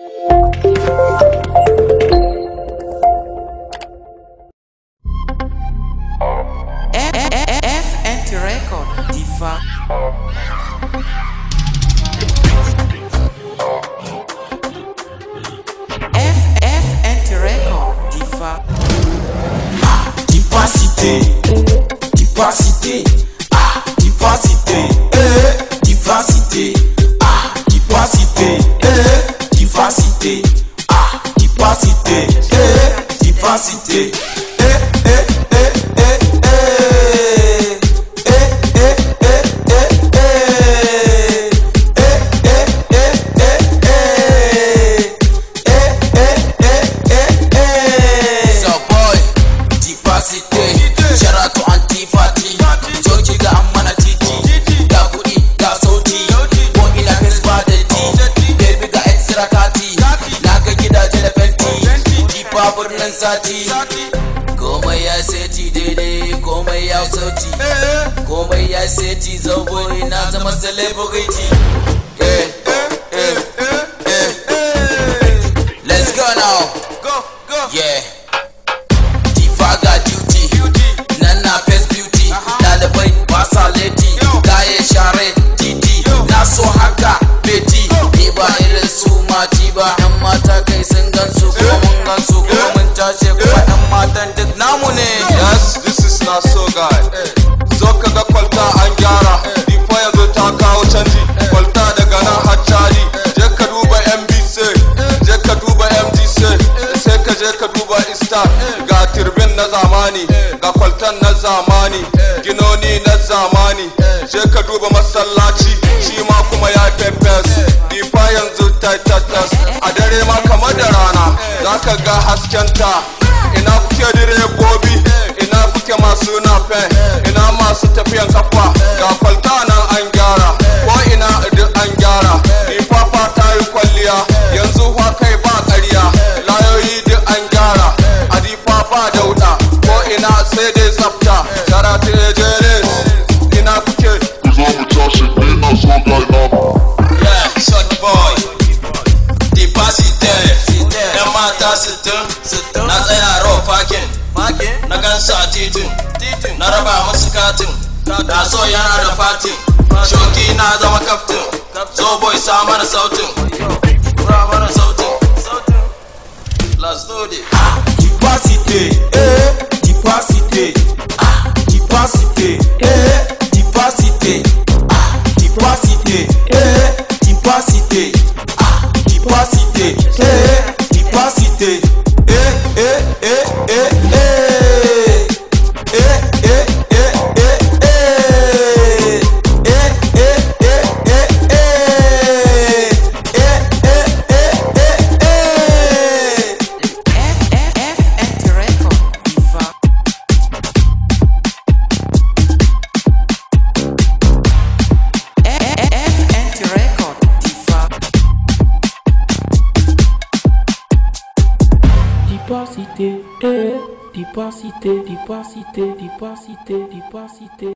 F F F record diva. F record diva. Ah divacité, divacité, ah sati komai ya seti daidai komai ya sauti komai ya seti zaubori na zama celebrity eh, eh, eh, na zamani ga kwaltan na zamani ginoni na zamani je ka duba masallaci shi ma kuma ya fefes difa yanzu taitatas a dare ma kamar da rana za ka ga ta. ina kuke direbobi ina kuke masu nafe ina masu tafiyan kafa na tsaya a na gansu a titin na raba musu katin da yana da fati shoki na zama kaftin boy sa mana diversité, eh, dipacité, diversité, diversité, diversité.